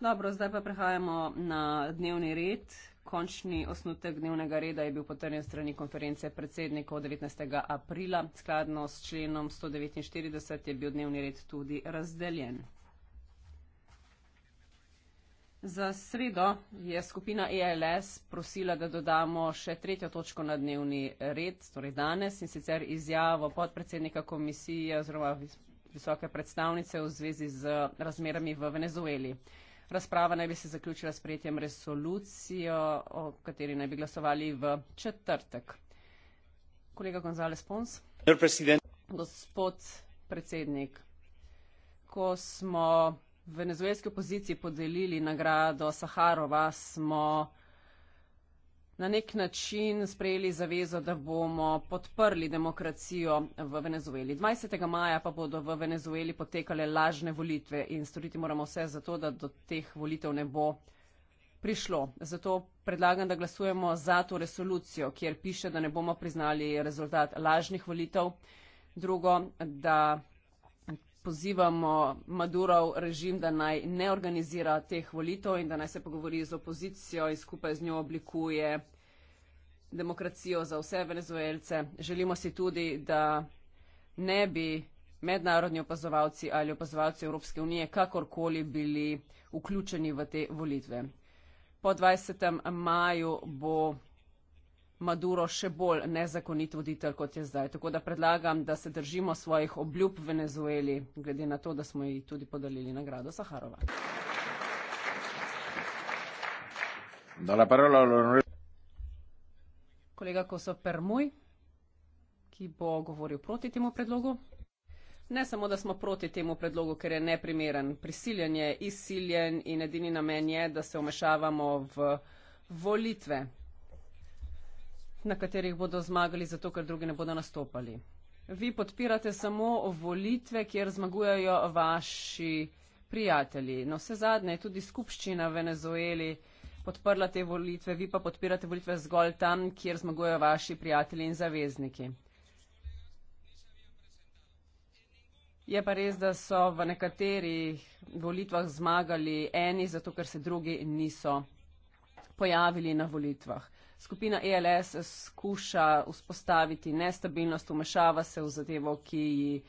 Dobro, zdaj pa prehajamo na dnevni red. Končni osnutek dnevnega reda je bil potrjen strani konference predsednikov 19. aprila. Skladno s členom 149 je bil dnevni red tudi razdeljen. Za sredo je skupina ELS prosila, da dodamo še tretjo točko na dnevni red, torej danes, in sicer izjavo podpredsednika komisije oziroma visoke predstavnice v zvezi z razmerami v Venezueli. Razprava naj bi se zaključila s prijetjem resolucijo, o kateri naj bi glasovali v četrtek. Kolega Gonzales Pons. Gospod predsednik, ko smo venezuelski opoziciji podelili nagrado Saharova, smo na nek način sprejeli zavezo, da bomo podprli demokracijo v Venezueli. 20. maja pa bodo v Venezueli potekale lažne volitve in storiti moramo vse za to, da do teh volitev ne bo prišlo. Zato predlagam, da glasujemo za to resolucijo, kjer piše, da ne bomo priznali rezultat lažnih volitev. Drugo, da pozivamo Madurov režim, da naj ne organizira teh volitev in da naj se pogovori z opozicijo in skupaj z njo oblikuje demokracijo za vse venezuelce. Želimo si tudi, da ne bi mednarodni opazovalci ali opazovalci Evropske unije kakorkoli bili vključeni v te volitve. Po 20. maju bo Maduro še bolj nezakonit voditelj, kot je zdaj. Tako da predlagam, da se držimo svojih obljub v Venezueli, glede na to, da smo ji tudi podelili nagrado Saharova. Kolega Koso Permuj, ki bo govoril proti temu predlogu. Ne samo, da smo proti temu predlogu, ker je neprimeren. Prisiljen je, izsiljen in edini namen je, da se omešavamo v volitve na katerih bodo zmagali, zato ker drugi ne bodo nastopali. Vi podpirate samo volitve, kjer zmagujejo vaši prijatelji. No, vse zadnje je tudi skupščina v Venezueli podprla te volitve, vi pa podpirate volitve zgolj tam, kjer zmagujejo vaši prijatelji in zavezniki. Je pa res, da so v nekaterih volitvah zmagali eni, zato ker se drugi niso pojavili na volitvah. Skupina ELS skuša vzpostaviti nestabilnost, umešava se v zadevo, ki,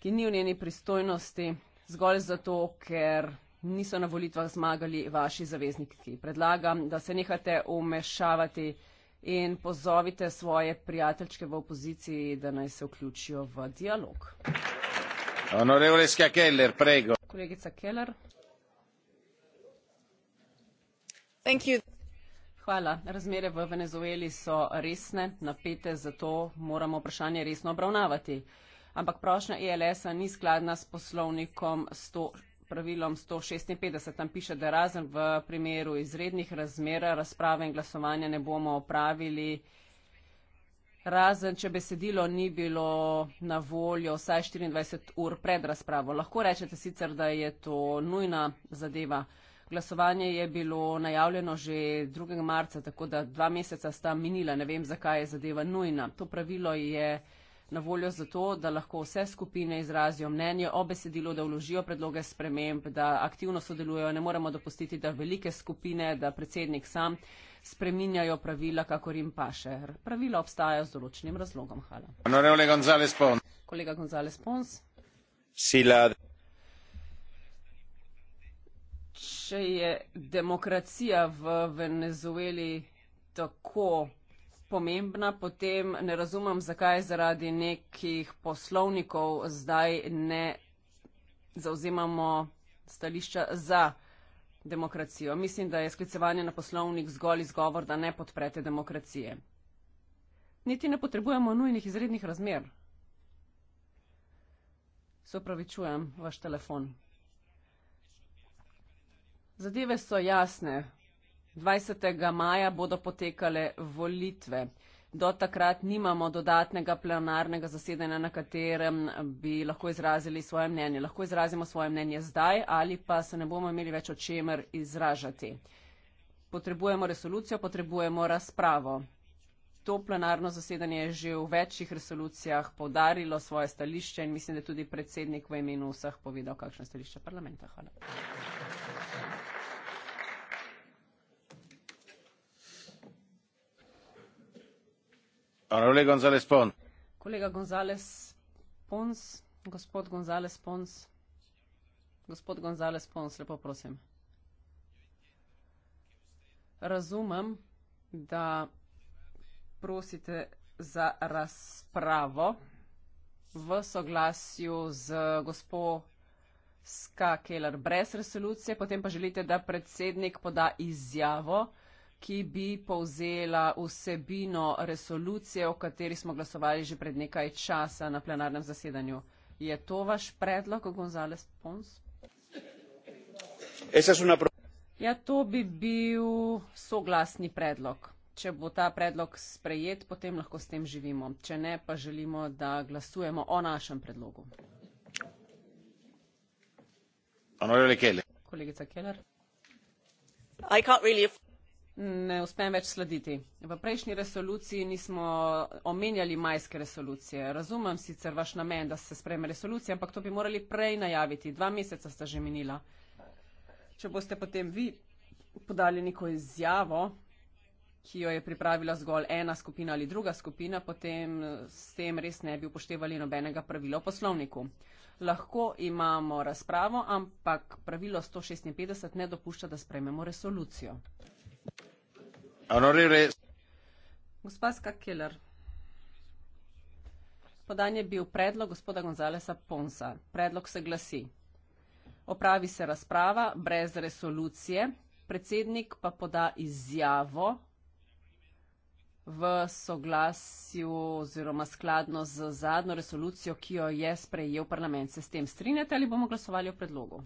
ki ni v njeni pristojnosti, zgolj zato, ker niso na volitvah zmagali vaši zavezniki. Predlagam, da se nehate umešavati in pozovite svoje prijateljčke v opoziciji, da naj se vključijo v dialog. Keller, prego. Kolegica Keller. Thank you. Hvala. Razmere v Venezueli so resne, napete, zato moramo vprašanje resno obravnavati. Ampak prošnja ILS-a e ni skladna s poslovnikom 100, pravilom 156. Tam piše, da razen v primeru izrednih razmer razprave in glasovanja ne bomo opravili. Razen, če besedilo ni bilo na voljo vsaj 24 ur pred razpravo. Lahko rečete sicer, da je to nujna zadeva glasovanje je bilo najavljeno že 2. marca, tako da dva meseca sta minila, ne vem, zakaj je zadeva nujna. To pravilo je na voljo zato, da lahko vse skupine izrazijo mnenje o besedilu, da vložijo predloge sprememb, da aktivno sodelujo. Ne moremo dopustiti, da velike skupine, da predsednik sam spreminjajo pravila, kakor jim paše. Pravila obstajajo z določenim razlogom. Hvala. Kolega González Pons. Si la če je demokracija v Venezueli tako pomembna, potem ne razumem, zakaj zaradi nekih poslovnikov zdaj ne zauzemamo stališča za demokracijo. Mislim, da je sklicevanje na poslovnik zgolj izgovor, da ne podprete demokracije. Niti ne potrebujemo nujnih izrednih razmer. Se opravičujem, vaš telefon. Zadeve so jasne. 20. maja bodo potekale volitve. Do takrat nimamo dodatnega plenarnega zasedanja, na katerem bi lahko izrazili svoje mnenje. Lahko izrazimo svoje mnenje zdaj ali pa se ne bomo imeli več o čemer izražati. Potrebujemo resolucijo, potrebujemo razpravo. To plenarno zasedanje je že v večjih resolucijah povdarilo svoje stališče in mislim, da je tudi predsednik v imenu vseh povedal, kakšno stališče parlamenta. Hvala. kolega gonzales pons gospod gonzales pons gospod gonzales pons lepo prosim razumem da prosite za razpravo v soglasju z gospo ska keller brez resolucije potem pa želite da predsednik poda izjavo ki bi povzela vsebino resolucije, o kateri smo glasovali že pred nekaj časa na plenarnem zasedanju. Je to vaš predlog, Gonzales Pons? Ja, to bi bil soglasni predlog. Če bo ta predlog sprejet, potem lahko s tem živimo. Če ne, pa želimo, da glasujemo o našem predlogu. Kolegica Keller. I can't really ne uspem več slediti. V prejšnji resoluciji nismo omenjali majske resolucije. Razumem sicer vaš namen, da se spreme resolucija, ampak to bi morali prej najaviti. Dva meseca sta že minila. Če boste potem vi podali neko izjavo, ki jo je pripravila zgolj ena skupina ali druga skupina, potem s tem res ne bi upoštevali nobenega pravila v poslovniku. Lahko imamo razpravo, ampak pravilo 156 ne dopušča, da sprememo resolucijo. Honorere. Gospa Skakeler, podan je bil predlog gospoda Gonzalesa Ponsa. Predlog se glasi. Opravi se razprava brez resolucije, predsednik pa poda izjavo v soglasju oziroma skladno z zadnjo resolucijo, ki jo je sprejel parlament. Se s tem strinjate ali bomo glasovali o predlogu?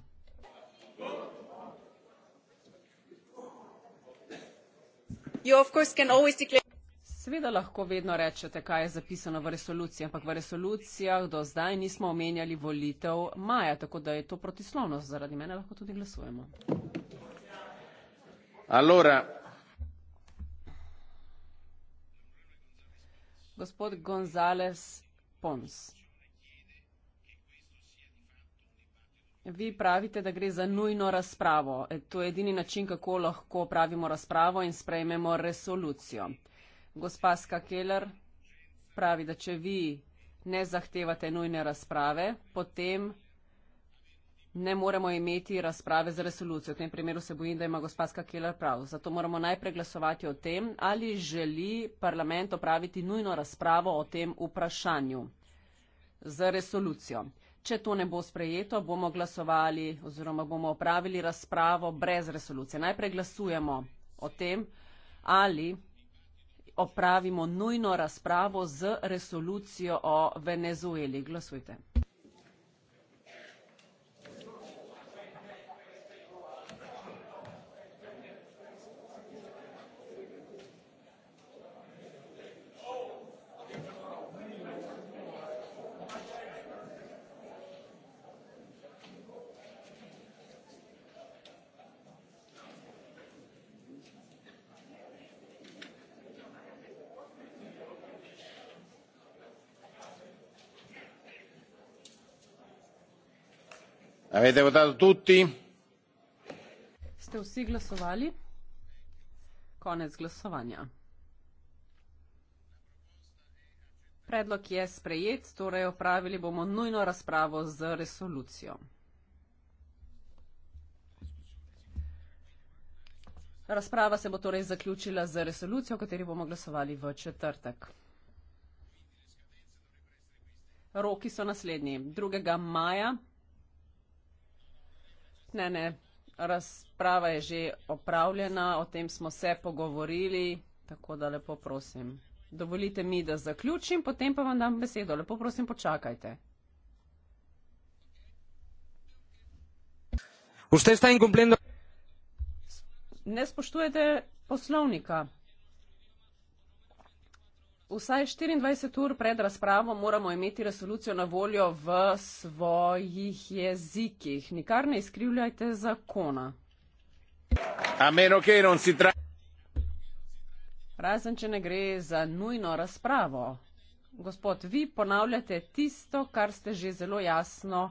seveda lahko vedno rečete kaj je zapisano v resoluciji ampak v resolucijah do zdaj nismo omenjali volitev maja tako da je to protislovnost zaradi mene lahko tudi glasujemo allora gospod gonzales pons Vi pravite, da gre za nujno razpravo. E, to je edini način, kako lahko pravimo razpravo in sprejmemo resolucijo. Gospa Ska Keller pravi, da če vi ne zahtevate nujne razprave, potem ne moremo imeti razprave za resolucijo. V tem primeru se bojim, da ima gospa Ska Keller prav. Zato moramo najprej glasovati o tem, ali želi parlament opraviti nujno razpravo o tem vprašanju za resolucijo. Če to ne bo sprejeto, bomo glasovali oziroma bomo opravili razpravo brez resolucije. Najprej glasujemo o tem, ali opravimo nujno razpravo z resolucijo o Venezueli. Glasujte. avete votato tutti? ste vsi glasovali? konec glasovanja predlog je sprejet torej opravili bomo nujno razpravo z resolucijo Razprava se bo torej zaključila z resolucijo, o kateri bomo glasovali v četrtek. Roki so naslednji. 2. maja Ne, ne, razprava je že opravljena, o tem smo se pogovorili, tako da lepo prosim. Dovolite mi, da zaključim, potem pa vam dam besedo. Lepo prosim, počakajte. Ne spoštujete poslovnika. Vsaj 24 ur pred razpravo moramo imeti resolucijo na voljo v svojih jezikih. Nikar ne izkrivljajte zakona. Razen, če ne gre za nujno razpravo. Gospod, vi ponavljate tisto, kar ste že zelo jasno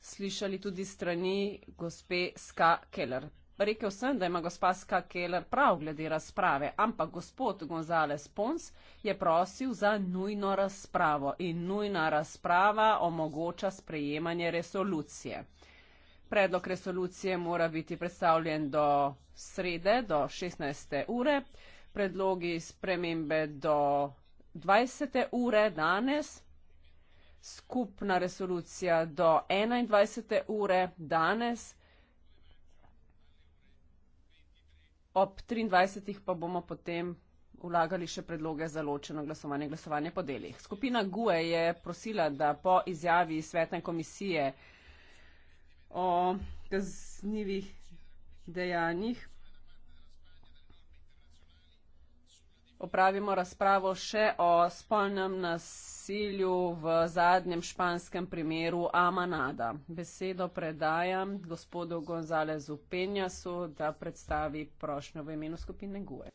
slišali tudi strani gospe Ska Keller. Rekel sem, da ima gospa Ska Keller prav glede razprave, ampak gospod Gonzales Pons je prosil za nujno razpravo in nujna razprava omogoča sprejemanje resolucije. Predlog resolucije mora biti predstavljen do srede, do 16. ure, predlogi spremembe do 20. ure danes, skupna resolucija do 21. ure danes. ob 23. pa bomo potem vlagali še predloge za ločeno glasovanje, glasovanje po delih. Skupina GUE je prosila, da po izjavi svetne komisije o kaznjivih dejanjih opravimo razpravo še o spolnem nasilju v zadnjem španskem primeru Amanada. Besedo predajam gospodu Gonzalezu Penjasu, da predstavi prošnjo v imenu skupine GUE.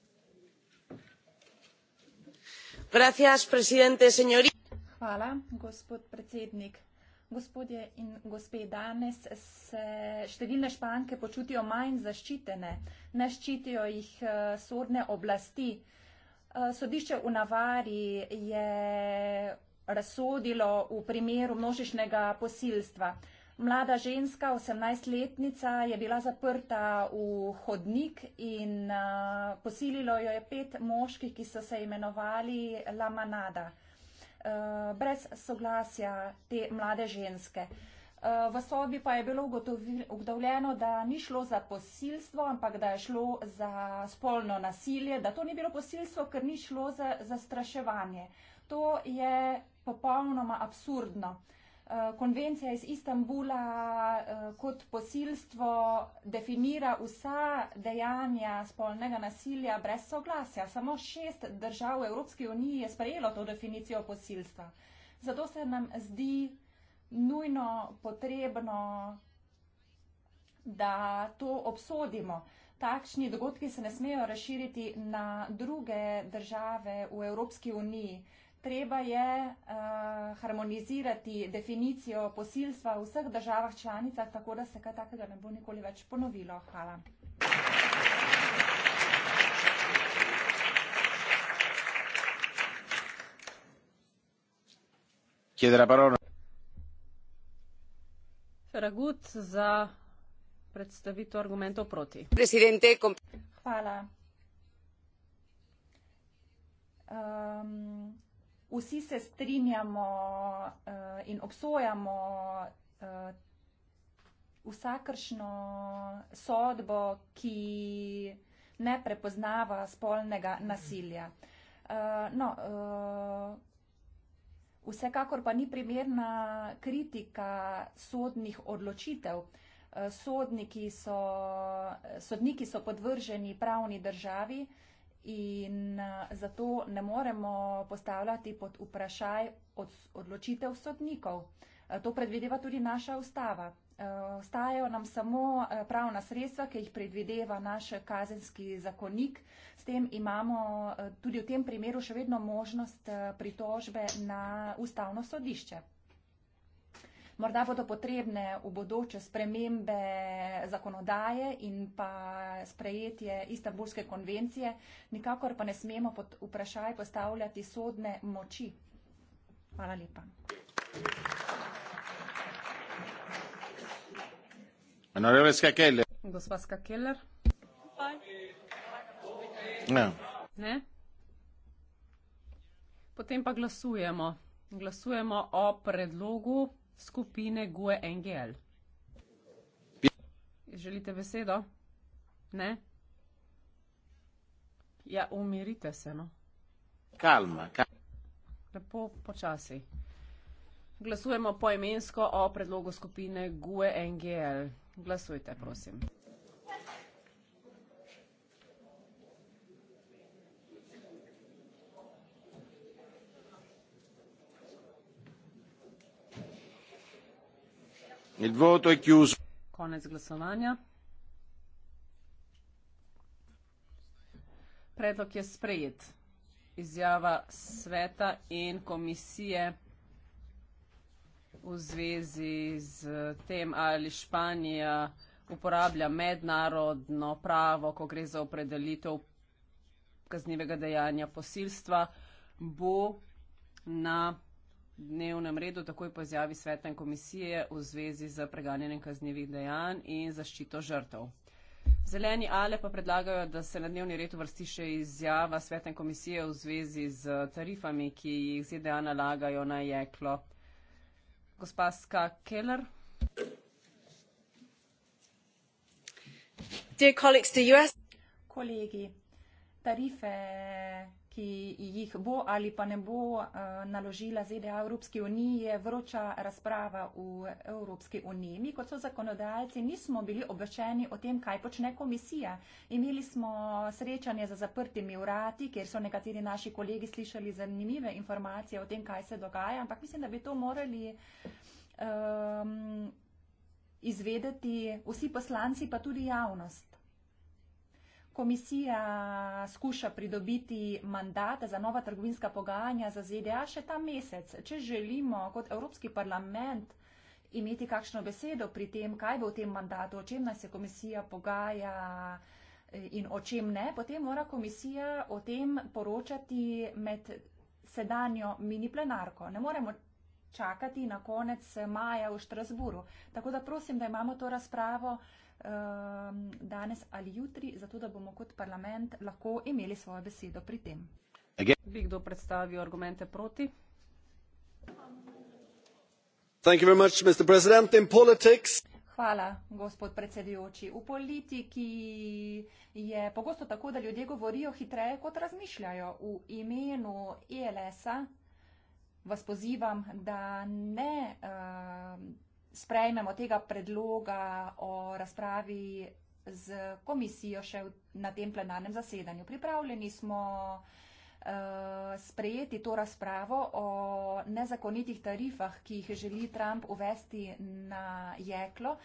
Hvala, gospod predsednik. Gospodje in gospe, danes se številne španke počutijo manj zaščitene, ne ščitijo jih eh, sodne oblasti. Sodišče v Navari je razsodilo v primeru množičnega posilstva. Mlada ženska, 18-letnica, je bila zaprta v hodnik in uh, posililo jo je pet moških, ki so se imenovali Lamanada, uh, brez soglasja te mlade ženske. Uh, Eh, v sobi pa je bilo ugotovljeno, da ni šlo za posilstvo, ampak da je šlo za spolno nasilje, da to ni bilo posilstvo, ker ni šlo za zastraševanje. To je popolnoma absurdno. Eh, konvencija iz Istanbula eh, kot posilstvo definira vsa dejanja spolnega nasilja brez soglasja. Samo šest držav v Evropski uniji je sprejelo to definicijo posilstva. Zato se nam zdi nujno potrebno, da to obsodimo. Takšni dogodki se ne smejo razširiti na druge države v Evropski uniji. Treba je uh, harmonizirati definicijo posilstva v vseh državah članicah, tako da se kaj takega ne bo nikoli več ponovilo. Hvala. Hvala. Dragut za predstavitev argumentov proti. Presidente, kom... Hvala. Um, vsi se strinjamo uh, in obsojamo uh, vsakršno sodbo, ki ne prepoznava spolnega nasilja. Uh, no, uh, Vsekakor pa ni primerna kritika sodnih odločitev. Eh, sodniki so, eh, sodniki so podvrženi pravni državi in eh, zato ne moremo postavljati pod vprašaj odločitev sodnikov. To predvideva tudi naša ustava. Eh, ostajajo nam samo eh, pravna sredstva, ki jih predvideva naš kazenski zakonik. S tem imamo eh, tudi v tem primeru še vedno možnost pritožbe na ustavno sodišče. Morda bodo potrebne v bodoče spremembe zakonodaje in pa sprejetje Istanbulske konvencije, nikakor pa ne smemo pod vprašaj postavljati sodne moči. Hvala lepa. Gospa Skakeller. Ne. No. ne. Potem pa glasujemo. Glasujemo o predlogu skupine GUE NGL. Želite besedo? Ne. Ja, umirite se. No. Kalma, kalma. Lepo počasi. Glasujemo poimensko o predlogu skupine GUE NGL. Glasujte, prosim. Konec glasovanja. Predlog je sprejet. Izjava sveta in komisije v zvezi z tem, ali Španija uporablja mednarodno pravo, ko gre za opredelitev kaznivega dejanja posilstva, bo na dnevnem redu takoj po izjavi Svetem komisije v zvezi z preganjanjem kaznivih dejanj in zaščito žrtev. Zeleni ale pa predlagajo, da se na dnevni red vrsti še izjava Svetem komisije v zvezi z tarifami, ki jih ZDA nalagajo na jeklo gospa Ska Keller. Dear colleagues, the US. Kolegi, tarife ki jih bo ali pa ne bo eh, naložila ZDA Evropski uniji, je vroča razprava v Evropski uniji. Mi kot so zakonodajalci nismo bili obveščeni o tem, kaj počne komisija. Imeli smo srečanje za zaprtimi urati, kjer so nekateri naši kolegi slišali zanimive informacije o tem, kaj se dogaja, ampak mislim, da bi to morali. Um, izvedeti vsi poslanci, pa tudi javnost komisija skuša pridobiti mandat za nova trgovinska pogajanja za ZDA še ta mesec. Če želimo kot Evropski parlament imeti kakšno besedo pri tem, kaj bo v tem mandatu, o čem naj se komisija pogaja eh, in o čem ne, potem mora komisija o tem poročati med sedanjo mini plenarko. Ne moremo čakati na konec maja v Štrasburu. Tako da prosim, da imamo to razpravo Um, danes ali jutri, zato da bomo kot parlament lahko imeli svojo besedo pri tem. Bi kdo predstavil argumente proti? Thank you very much, Mr. President. In politics... Hvala, gospod predsedujoči. V politiki je pogosto tako, da ljudje govorijo hitreje, kot razmišljajo. V imenu ELS-a vas pozivam, da ne uh, sprejmemo tega predloga o razpravi z komisijo še na tem plenarnem zasedanju. Pripravljeni smo eh, sprejeti to razpravo o nezakonitih tarifah, ki jih želi Trump uvesti na jeklo.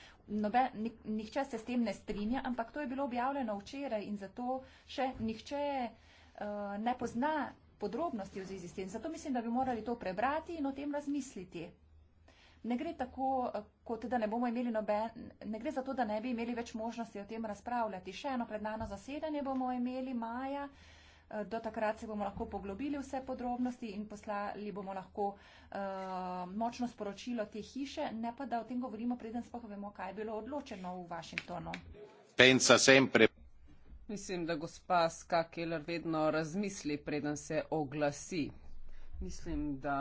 Nobe, nihče se s tem ne strinja, ampak to je bilo objavljeno včeraj in zato še nihče eh, ne pozna podrobnosti v zvezi s tem. Zato mislim, da bi morali to prebrati in o tem razmisliti ne gre tako, eh, kot da ne bomo imeli noben, ne gre za to, da ne bi imeli več možnosti o tem razpravljati. Še eno prednano zasedanje bomo imeli maja. Eh, do takrat se bomo lahko poglobili vse podrobnosti in poslali bomo lahko uh, močno sporočilo te hiše, ne pa da o tem govorimo, preden sploh vemo, kaj je bilo odločeno v Vašingtonu. Mislim, da gospa Skakeler vedno razmisli, preden se oglasi. Mislim, da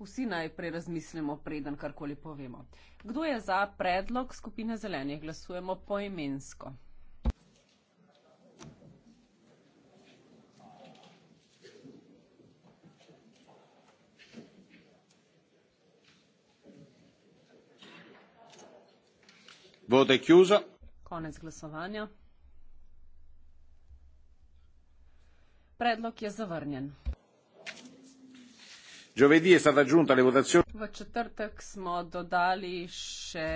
vsi najprej razmislimo, preden karkoli povemo. Kdo je za predlog skupine zelenih? Glasujemo poimensko. Konec glasovanja. Predlog je zavrnjen. Giovedì è stata aggiunta alle votazioni. V četrtek smo dodali še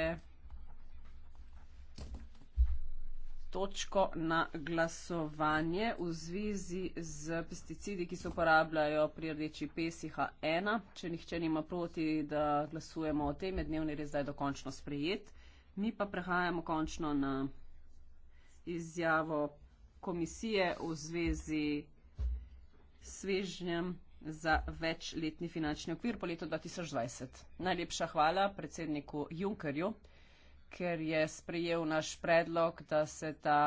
točko na glasovanje v zvezi z pesticidi, ki se uporabljajo pri rdeči PSH1. Če nihče nima proti, da glasujemo o tem, je dnevni res zdaj dokončno sprejet. Mi pa prehajamo končno na izjavo komisije v zvezi s svežnjem za večletni finančni okvir po letu 2020. Najlepša hvala predsedniku Junkerju, ker je sprejel naš predlog, da se ta